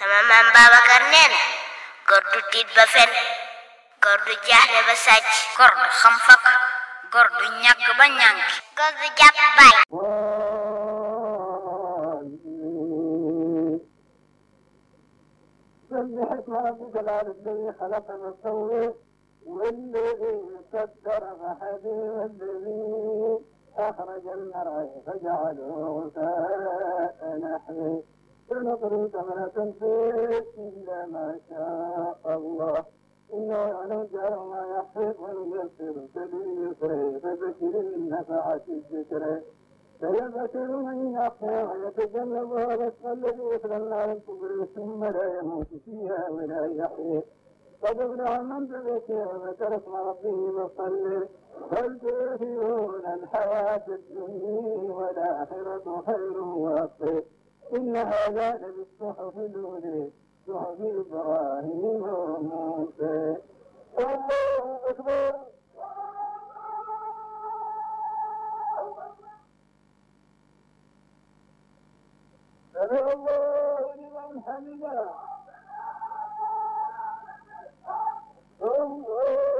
sama maam Babacar nee na gor du tiit ba fen gor du jaaxle ba sàcc gor du xam fakk gor du ñàkk ba ñànk gor du jàpp baay سبحت ربك الذي خلق فسوى والذي قدر فهدي والذي أخرج المرعى فجعله غثاء نحوه سنقرئك فلا تنسى إلا ما شاء الله إنا عليك ما يحفظ ونيسرك لليسر فذكر النفعة الذكر فيذكر من يخشى ويتجنبها الأشقى الذي يصلى النار الكبرى ثم لا يموت فيها ولا يحيى قد ابلغ من تزكى وترك ربه وصلى بل تؤثرون الحياة الدنيا والآخرة خير وأبقى إن هذا لفي الصحف الأولى صحف إبراهيم وموسى الله أكبر سمع الله لمن حمده الله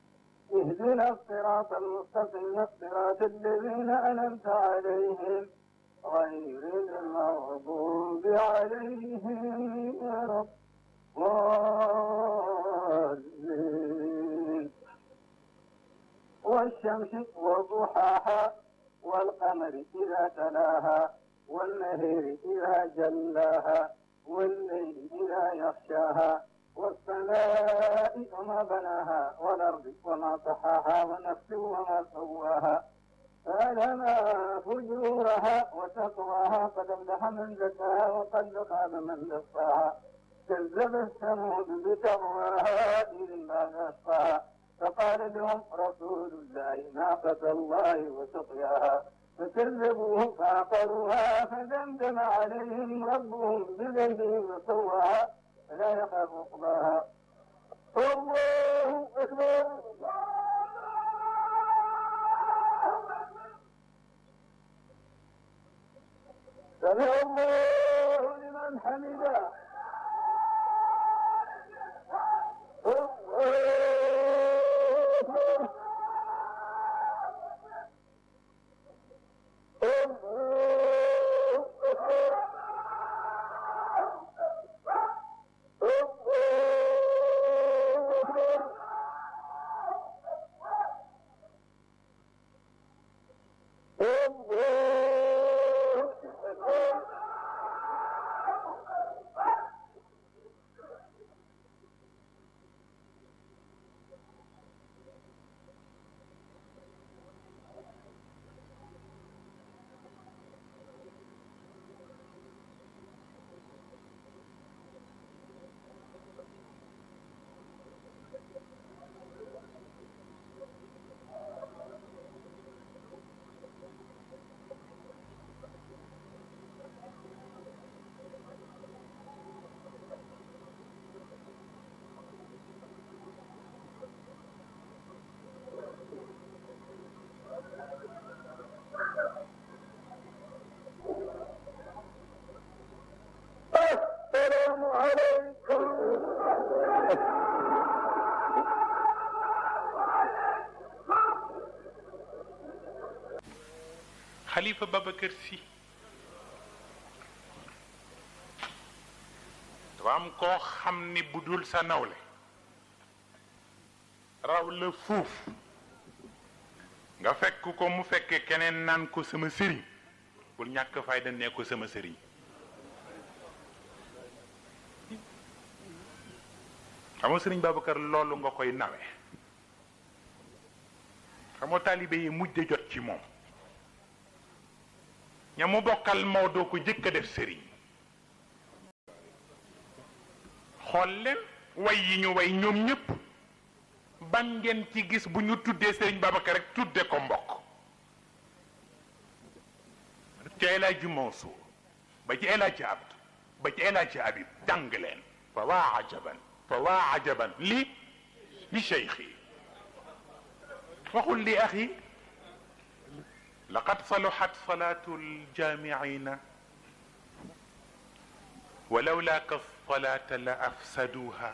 اهدنا الصراط المستقيم صراط الذين أنمت عليهم غير المغضوب عليهم ولا الضالين والشمس وضحاها والقمر إذا تلاها والنهر إذا جلاها والليل إذا يغشاها والسماء وما بناها والأرض وما صحاها ونفس وما سواها فألهمها فجورها وتقواها قد أفلح من زكاها وقد خاب من دساها كذبت ثمود بتقواها إذ ما دساها فقال لهم رسول الله ناقة الله وسقياها فكذبوه فعقروها فدمدم عليهم ربهم بذنبهم فسواها فلا يخاف عقباها الله أكبر سمع الله لمن حمده xalifa Babacar Sy dafa am koo xam ni bu dul sa nawle raw la fuuf nga fekk ko mu fekke keneen naan ko sama sëriñ bul ñàkk fayda nee ko sama sëriñ xamoo sëriñ Babacar loolu nga koy nawe xamoo taalibe yi mujj de jot ci moom ña mu bokkal Maodo ko jëkk def sëriñ xool leen way yi ñu way ñoom ñëpp ban ngeen ci gis bu ñu tuddee sëriñ Babacar rek tudde ko mbokk ci El Hadji ba ci El Hadji Abd ba leen fa waa ajaban fa waa ajaban li li cheikhi waxul li axi laqad saluhat salaatu aljaamiina walawlaaka salaata la afsaduha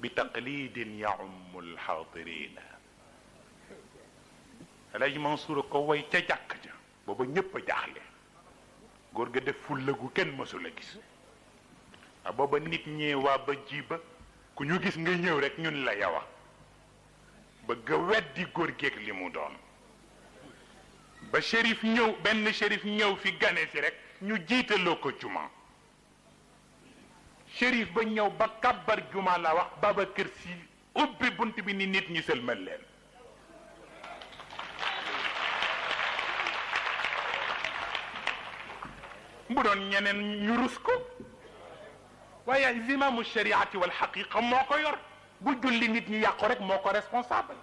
bi taqlidin yaummu alxaadirina Alaaji Mansuur ko way ca jàkk ja booba ñépp a góor ga def fulla gu kenn mësul a gis a booba nit ñee waa ba jiba ku ñu gis nga ñëw rekk ñun la yawa bëgg weddi góor geeg li mu doon ba shérif ñëw benn shérif ñëw fi gane si rek ñu jiitaloo ko juma shérif ba ñëw ba kàbbar juma la wax Babacar Si ubbi bunt bi ni nit ñi sëlmal leen bu doon ñeneen ñu rus ko waaye zimaamu shariati wal xaqiqa moo ko yor bu julli nit ñi yàqu rek moo ko responsable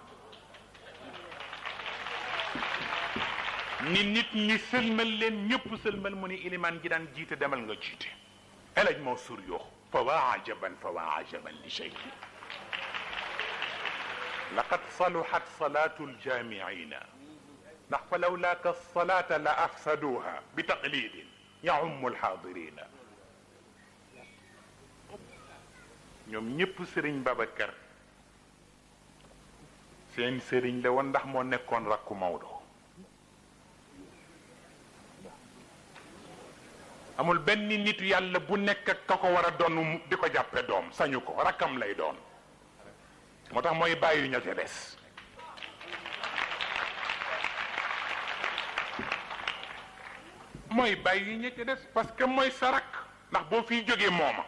ni nit ñi sëlmal leen ñëpp sëlmal mu ni gi ji daan jiite demal nga jiite elaj moo sur yoox fa waa ajaban fa waa ajaban li cheikhi laqad saluhat salaatu aljaamiina ndax fa law laaka salaata la afsaduha bi taqlidin yaummu alxaadirina ñoom ñëpp sëriñ Babacar seen sëriñ la woon ndax moo nekkoon rakku Maodo amul benn nit yàlla bu nekk ak ko war a doon di ko jàppe doom sañu ko rakkam lay doon moo tax mooy bàyyi ña des mooy bàyyi ña ca des parce que mooy sa rakk ndax boo fiy jógee mooma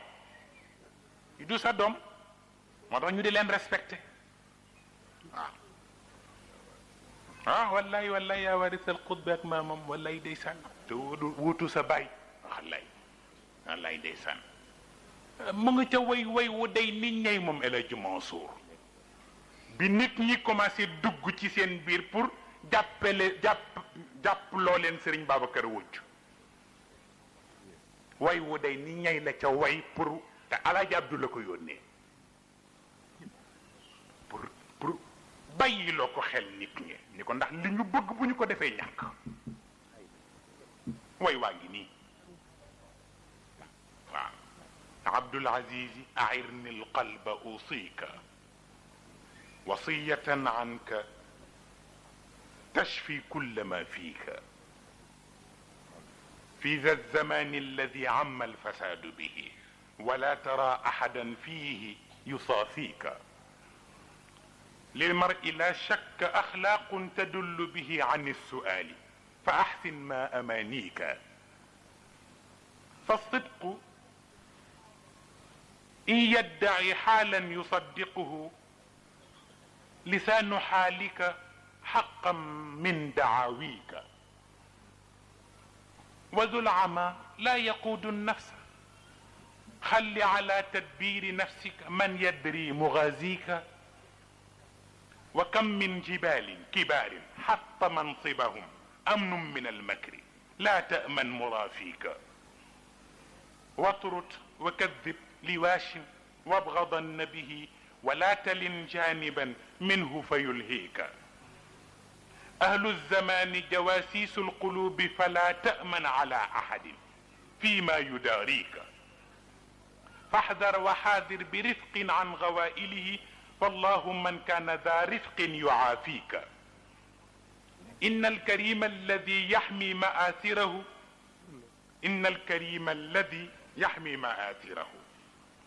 du sa doom moo tax ñu di leen respecté waaw ah wallaay wallaay yaa waris al xutbi ak maamam wallaay day sànn te wutu sa bàyyi wallaay wallaay ndeysaan mu nga ca way way wu day nit ñay moom El Hadj bi nit ñi commencé dugg ci seen biir pour jàppale jàpp jàpp loo leen Serigne Babacar Wujj way wu day nit ñay la ca way pour te Alaaji Abdu la ko yónnee pour pour bàyyi loo ko xel nit ñi ni ko ndax li ñu bëgg bu ñu ko defee ñàkk way waa ngi nii abdul aziz airni alqalba usika wasiyatan anka تشفي كل ما فيك في ذا الزمان الذي عم الفساد به ولا ترى احدا فيه يصافيك للمرء لا شك اخلاق تدل به عن السؤال فاحسن ما امانيك فالصدق إن يدعي حالا يصدقه لسان حالك حقا من دعاويك وذو العمى لا يقود النفس خل على تدبير نفسك من يدري مغازيك وكم من جبال كبار حط منصبهم أمن من المكر لا تأمن مرافيك واطرد وكذب لواشم وابغضن به ولا تلن جانبا منه فيلهيك أهل الزمان جواسيس القلوب فلا تأمن على أحد فيما يداريك فاحذر وحاذر برفق عن غوائله فالله من كان ذا رفق يعافيك إن الكريم الذي يحمي مآثره إن الكريم الذي يحمي مآثره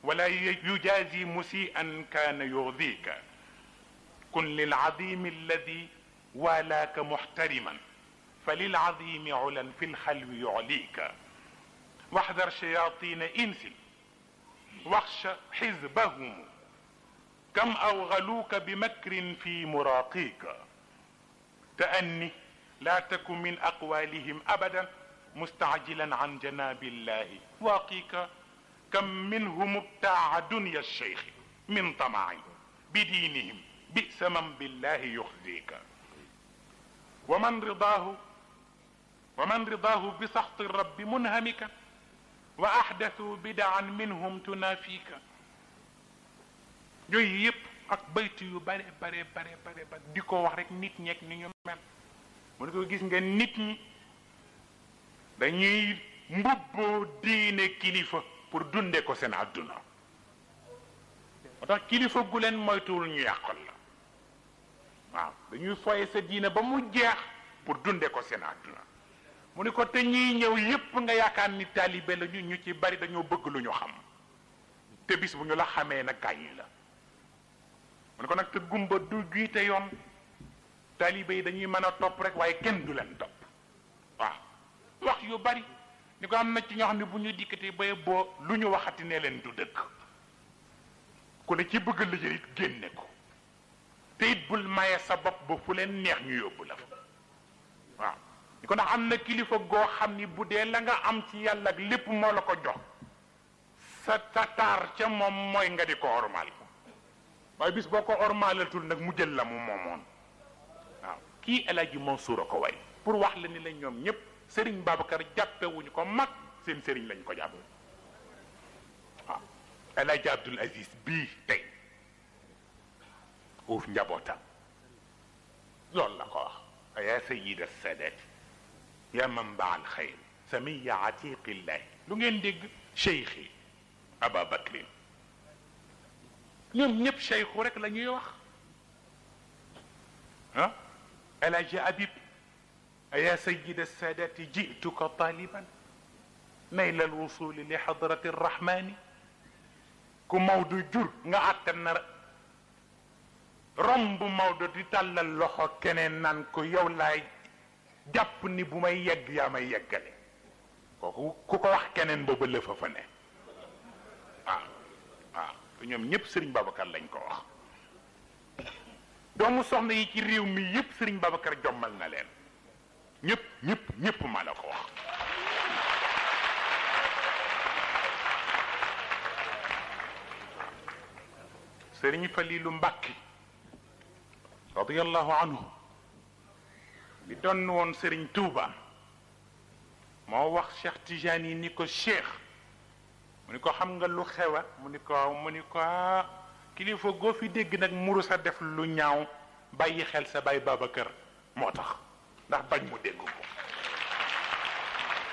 ولا يجازي مسيئا كان يغذيك كن للعظيم الذي والاك محترما فللعظيم علا في الخلو يعليك واحذر شياطين انس واخش حزبهم كم اوغلوك بمكر في مراقيك تاني لا تكن من اقوالهم ابدا مستعجلا عن جناب الله واقيك kam minhum ibtaa dunya cheikhi min tamaai bi diinihim bisa man billahi yuxziika wa man ridaahu wa man ridaahu bi saxti rabbi munhamika wa axdasu bidaan minhum tunaafiika yooyu yëpp ak baytu yu bare bare bare bare ba di ko wax rek nit ñeeg ni ñu mel mu ne ko gis nga nit ñi dañuy mbubboo diine kilifa pour dunde ko seen àdduna moo tax kilifa gu leen moytuwul ñu yàqal la waaw dañuy foye sa diine ba mu jeex pour dunde ko seen àdduna mu ni ko te ñiy ñëw yépp nga yaakaar ni taalibe la ñu ñu ci bari dañoo bëgg lu ñu xam te bis bu ñu la xamee nag gàññi la mu ne ko nag te gumba du giite yoon taalibe yi dañuy mën a topp rek waaye kenn du leen topp waaw wax yu bari ni ko am na ci ñoo xam ne bu ñu dikkatee bay boo lu ñu waxati ne leen du dëkk ku la ci bëgg la jëlit génne ko te it bul maye sa bopp ba fu leen neex ñu yóbbu la fa waaw ni ko ndax am na kilifa goo xam ni bu dee la nga am ci yàlla ak lépp moo la ko jox sa tataar ca moom mooy nga di ko ormal waaye bis boo ko ormalatul nag mu jël la mu moomoon waaw kii El Hadji suur a ko way pour wax la ni la ñoom ñëpp sëriñ Babacar jàppewuñu ko mag seen sëriñ lañ ko jàpp waaw ah, El Hadj Abdoul Aziz bii tey uuf njabootam loolu la ko wax yaa sayid alsaadaati yaa manbaa alxayr samiya atiqillahi lu ngeen dégg cheikhi aba bakrin ñoom ñëpp cheikhu rek la ñuy wax ah aya sayida saadaati jituka taaliban nayla alwusuli li xadrati arrahmani ku Maodo jur nga àttan na romb Maodo di tàllal loxo keneen naan ko yow laay jàpp ni bu may yegg yaa may yeggale kooku ku ko wax keneen booba lëfa fa ne waaw waaw ñoom ñëpp sëriñ Babacar lañ ko wax doomu soxna yi ci réew mi yëpp sëriñ Babacar jommal na leen ñëpp ñëpp ñëpp maa la ko wax sëriñ Faliilu Mbàkki radiallahu anhu bi doon woon sëriñ Tuuba moo wax Cheikh Tijaani ni ko cheikh mu ni ko xam nga lu xewa mu ni ko mu ni ko ah, kilifa goo fi dégg nag muru sa def lu ñaaw bàyyi xel sa baay kër moo tax ndax bañ mu dégg ko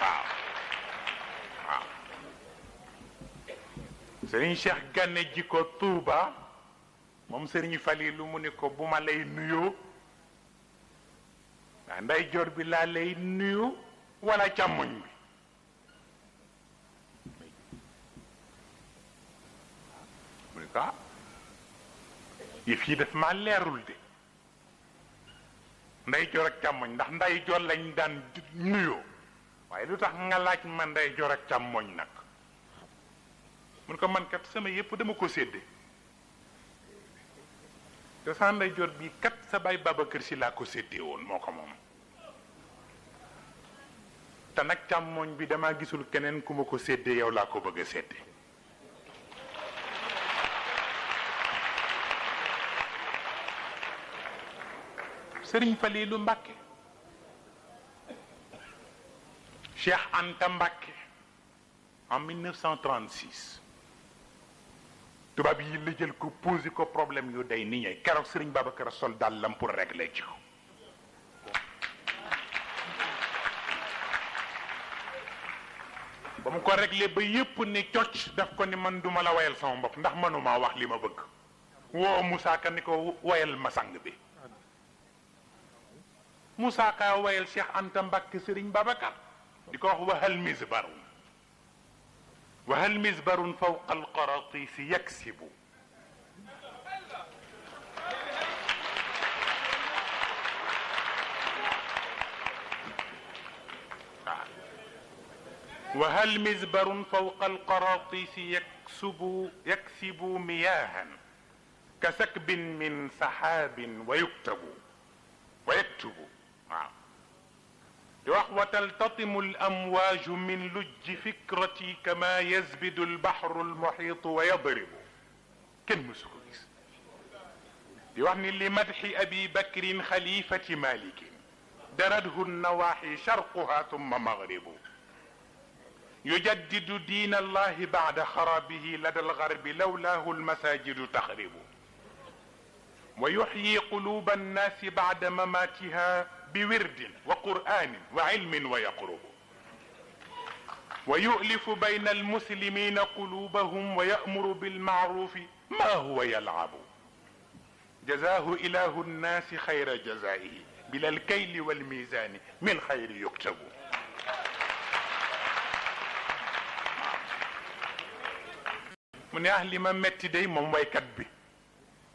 waaw waaw sëriñ Cheikh Gane ji ko Touba moom sëriñ Falilu mu ni ko bu ma lay nuyoo ndax ndeyjoor bi laa lay nuyu wala càmmoñ bi mu ni ah, yi daf maa leerul de nday jor ak càmmoñ ndax nday jor lañ daan nuyoo waaye lu tax nga laaj ma nday jor ak càmmoñ nag mun ko man kat sama yépp dama ko sédde te sa nday jor bii kat sa baay Babacar Si laa ko séddee woon moo ko moom te nag càmmoñ bi damaa gisul keneen ku ma ko séddee yow laa ko bëgg a sëriñ Faliilu Mbàkke Cheikh Anta Mbàkke en tubaab yi la jël ko pose ko problème yu day nit ñi keroog sëriñ Babacar sol dàllam pour régler ci ko ba mu ko réglé ba yépp ni cocc daf ko ni man duma la wayal sama bopp ndax mënuma wax li ma bëgg woo Moussa Ka ni ko wayal ma sang bi Moussa Ka wayal Cheikh Anta Mbacke Serigne Babacar di ko wax wahal misbarun wahal misbarun fawqa alqaratisi yaksibu وهل مزبر فوق القراطيس يكسب يكسب مياها كسكب من سحاب ويكتب ويكتب waaw di wax wa taltatimu al amwaaju min lujji fikrati kama yazbidu al bahru al muhitu wa yadribu kenn mësu ko gis di wax ni li madxi abi bakrin xalifati malikin daradhu nawaaxi sharquha thumma maghribu yujaddidu diin allahi baada xarabihi lada algarbi lawlaahu almasajidu taxribu wa yuxyi quluba annaasi baada mamaatiha بورد وقرآن وعلم ويقرب ويؤلف بين المسلمين قلوبهم ويأمر بالمعروف ما هو يلعب جزاه إله الناس خير جزائه بلا الكيل والميزان من خير يكتب mu ne ah li ma metti day moom waykat bi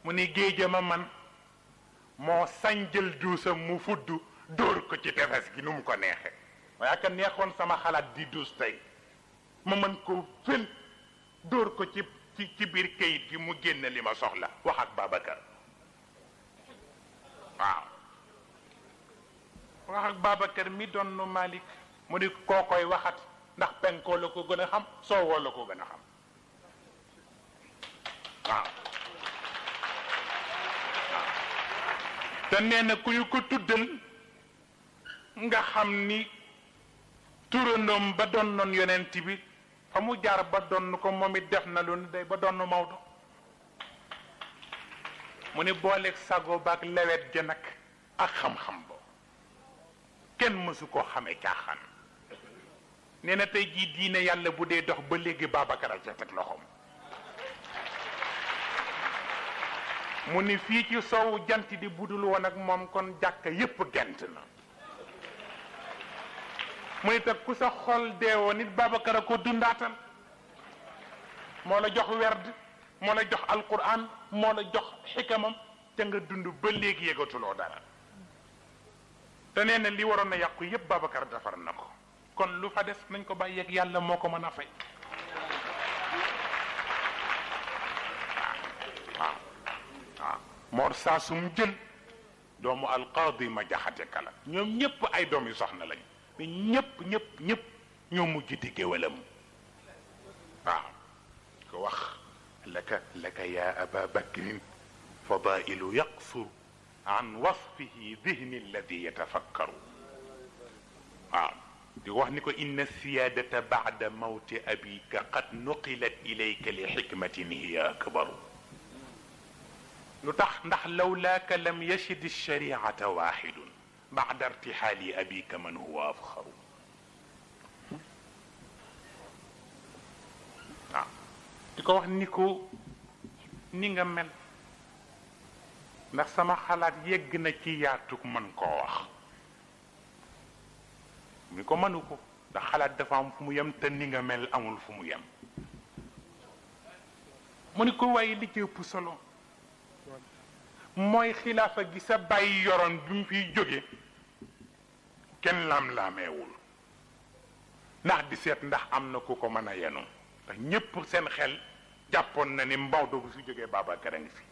mu ne géeja ma man moo sañ jël duusam mu fudd dóor ko ci tefes gi nu mu ko neexe waaye ak neexoon sama xalaat di duus tey ma mën ko fël dóor ko ci ci biir kayit gi mu génn li ma soxla wax ak Babacar waaw wax ak Babacar mi doon nu Malick mu ni koo koy waxat ndax penkoo la ko gën a xam soowoo la ko gën a xam waaw te nee na ku ñu ko tuddal nga xam ni turandoom ba doon noon yonent bi fa mu jaar ba donn ko moom it def na lu ne day ba donn Maodo mu ni booleeg sago baak lewet ja nag ak xam-xam bo kenn mësu koo xamee caaxaan nee na tey jii diine yàlla bu dee dox ba léegi Babacar a ca teg loxoom mu ni fii ci sowu jant di budul woon ak moom kon jàkka yépp gant na mu ni teg ku sa xol deewoo nit Babacar a ko dundaatal moo la jox werd moo la jox alquran moo la jox xikamam te nga dund ba léegi yëgatuloo dara te nee na li waroon a yàqu yépp Babacar defar na ko kon lu fa des nañ ko bàyyi ak yàlla moo ko mën a fay waaw moor saa sum jël doomu alqaadi ma jaxate kala ñoom ñëpp ay doom yu soxna lañ mais ñëpp ñëpp ñëpp ñoo mujj di géwalam waaw ko wax laka laka ya aba bakrin fadailu yaqsur an wasfihi dihni alladi yatafakkaru waaw di wax ni ko inna siyaadata bacda mawti abika qad nuqilat ilayka li xikmatin hiya akbaru lu tax ndax lawlaaka lam yachid lchariata waxidun baada irtixaali abika man huwa afxaru waaw di ko wax ni ko ni nga mel ndax sama xalaat yegg na ci yaatug mën koo wax ni ko mënu ko ndax xalaat dafa am fu mu yem te ni nga mel amul fu mu yem mu ni ko waaye li ci ëpp mooy xilaafa gi sa bàyyi yoroon bi mu fiy jóge kenn laam-laameewul ndax di seet ndax am na ku ko mën a yenu ndax ñépp seen xel jàppoon na ni Maodo bu si jógee Babacar a fi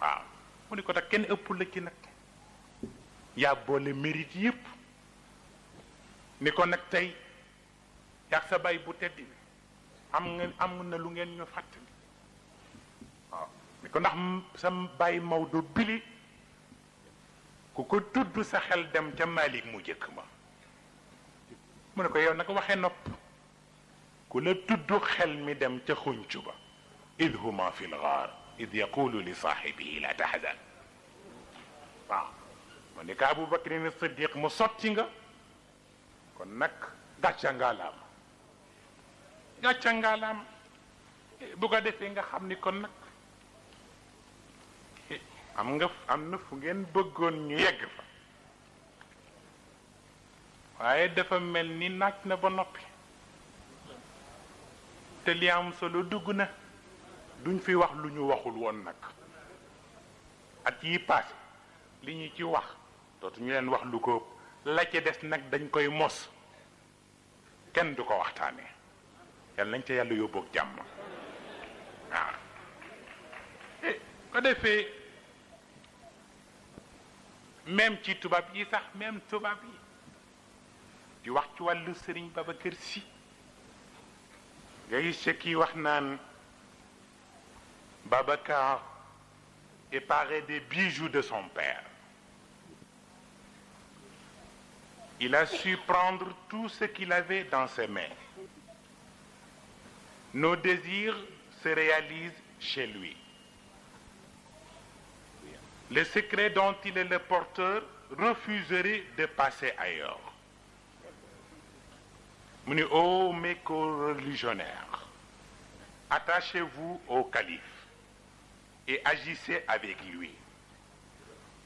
waaw mu ni ko tax kenn ëpp la ci nag yaa boole mérite yépp ni ko nag tey yaa sa bàyyi bu tedd bi am nga am na lu ngeen ñu fàttali kon ko ndax sa bàyyi Maodo bili ku ko tudd sa xel dem ca Malick mu jëkk ma mu ne ko yow nag waxee nopp ku la tudd xel mi dem ca xuncu ba id huma fi lgaar id yaqulu li saaxibihi la taxzan waaw mu ni ko Abu Bakrin Siddiq mu sotti nga kon nag gàcca ngaalaam gàcca ngaalaam bu ko defee nga xam ni kon nag am nga am na fu ngeen bëggoon ñu yegg fa waaye dafa mel ni naaj na ba noppi te li am solo dugg na duñ fi wax lu ñu waxul woon nag at yi paase li ñu ci wax dootu ñu leen wax lu ko la ci des nag dañ koy mos kenn du ko waxtaane yàlla nañ ca yàlla yóbboog jàmm waaw eh, ko defee même ci tubaab yi sax même tubaab wax ci wàllu sëriñ Babacar Si nga gis ce wax naan Babacar est paré des bijoux de son père il a su prendre tout ce qu'il avait dans ses mains nos désirs se réalisent chez lui le secret dont il est le porteur refuserait de passer ailleurs mu ni ô oh, mes attachez-vous au calife et agissez avec lui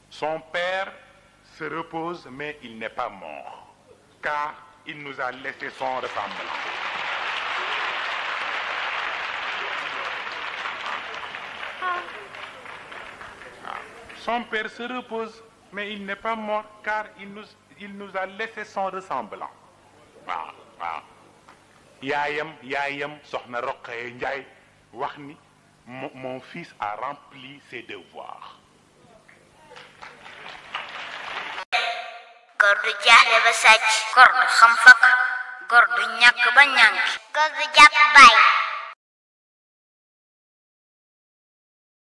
son père se repose mais il n'est pas mort car il nous a laissé son ressemblant Son père se repose, mais il n'est pas mort car il nous, il nous a laissé son ressemblant. yaayam yaayam soxna Roqaye Ndiaye wax ni mon fils a rempli ses devoirs. góor jaaxle ba sàcc góor xam fakk góor du ba ñànk góor du